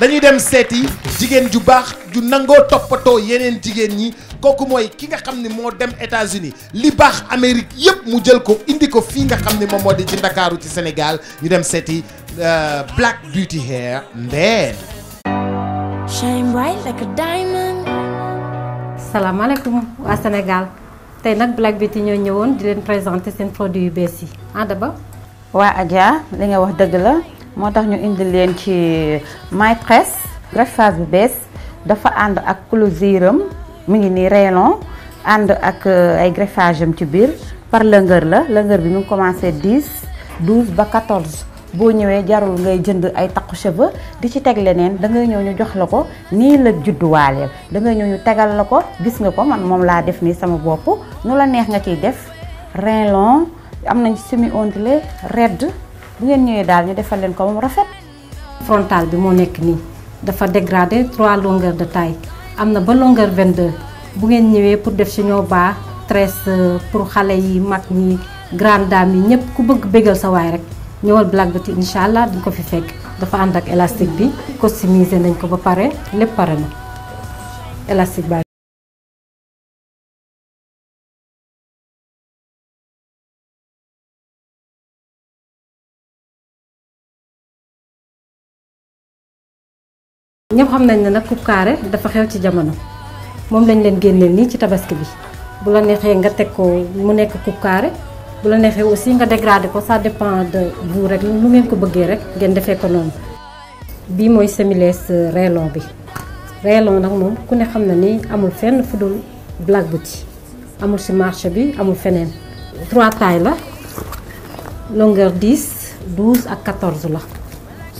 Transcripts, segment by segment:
dañuy dem seeti jigéen ju baax ju nangoo toppatoo yeneen jigéen ñi kooku mooy ki nga xam ni moo dem États-Unis li baax Amérique yëpp mu jël ko indi ko fii nga xam ni moom moo di ci Ndakaaru ci senegal ñu dem seeti euh, Black Beauty Hair Mbène. shine bright salaamaaleykum waa Sénégal tey nag Black Beauty ñoo ñëwoon di leen présenté seen produit yu bees yi ah, ba waa Adja li nga wax dëgg la. moo tax ñu indi leen ci maîtresse greffage bu bees dafa ànd ak closure mu ngi nii rayon ànd ak euh, ay greffage am ci biir par longueur la longueur bi ñu ngi commencé 10 12 ba 14 boo ñëwee jarul ngay jënd ay takku cheveux di ci teg leneen da ngay ñëw ñu jox la ko nii la judduwaaleel da ngay ñëw ñu tegal la ko gis nga ko man moom laa def nii sama bopp nu la neex nga ciy def rein am nañ semi ondulé red bu ngeen ñëwee daal ñu defal leen ko moom rafet. frontal bi moo nekk nii dafa dégradé trois longueurs de taille am na ba longueur 22 bu ngeen ñëwee pour def chignon bas tresse pour xale yi mag ñi grande dame yi ñëpp ku bëgg bégal sa waay rek ñëwal Black Beauty incha allah duñ ko fi fekk dafa ànd ak élastique bi customisé nañ ko ba pare lépp pare na élastique baa ñëpp xam nañ ne nag coupe carré dafa xew ci jamono moom lañ leen génneel nii ci tabaski bi bu la neexee nga teg ko mu nekk coupe carré bu la neexee aussi nga dégradé ko ça dépend de vous rek nu ngeen ko bëggee rek ngeen defee ko noonu bii mooy semilees reelon bi reelon nag moom ku ne xam na ni amul fenn fu dul Black Beauty amul ci marché bi amul feneen trois tailles la longueur 10 12 ak 14 la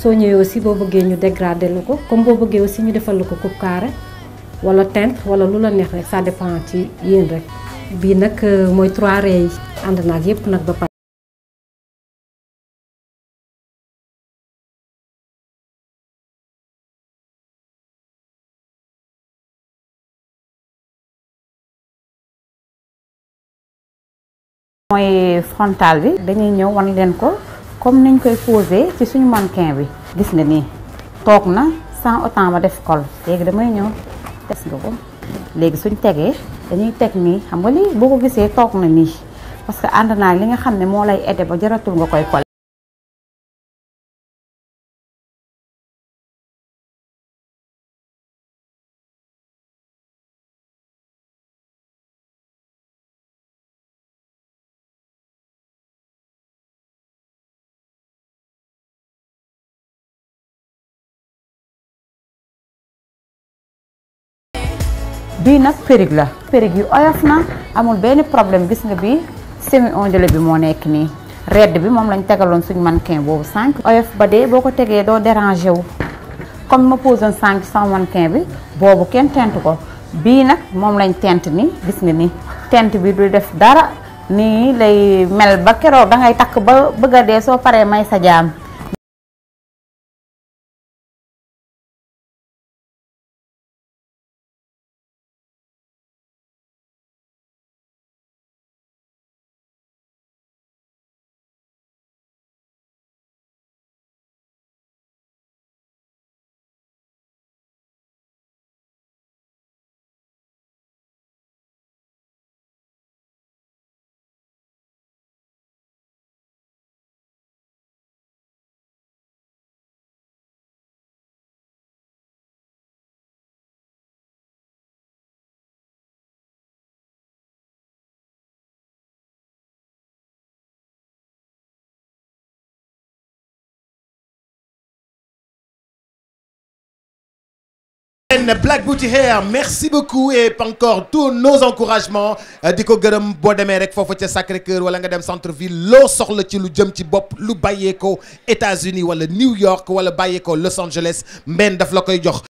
soo ñëwee aussi boo bëggee ñu dégradé la ko comme boo bëggee aussi ñu defal la ko coupe carré wala teinte wala lu la neex rek ça dépend ci yéen rek bii nag euh, mooy trois raies yépp nag ba pare bi dañuy ñëw wan leen ko comme niñ koy posé ci suñu mannequin bi gis nga nii toog na sans autant ma def col léegi damay ñëw test nga ko léegi suñ tegee dañuy teg nii xam nga lii boo ko gisee toog na nii parce que ànd naa li nga xam ne moo lay aidé ba jaratul nga koy col bii nag périg la périg yu oyof na amul benn problème gis nga bii semi ondulé bi moo nekk nii red bi moom lañ tegaloon suñ mannequin boobu sànq oyof ba dee boo ko tegee doo déranger wu comme ma posoon sànq sama mannequin bi boobu kenn tent ko bii nag moom lañ tent ni gis nga nii tent bi du def dara nii lay mel ba keroog dangay takk ba bëgg dee soo paree may sa jaam Lamine Black Booty Hair merci beaucoup et encore tous nos encouragements euh, di ko gërëm boo demee rek foofu ca Sacré-Cœur wala nga dem centre ville loo soxla ci lu jëm ci bopp lu bàyyeekoo États-Unis wala New York wala bàyyeekoo Los Angeles mbeen daf la koy jox.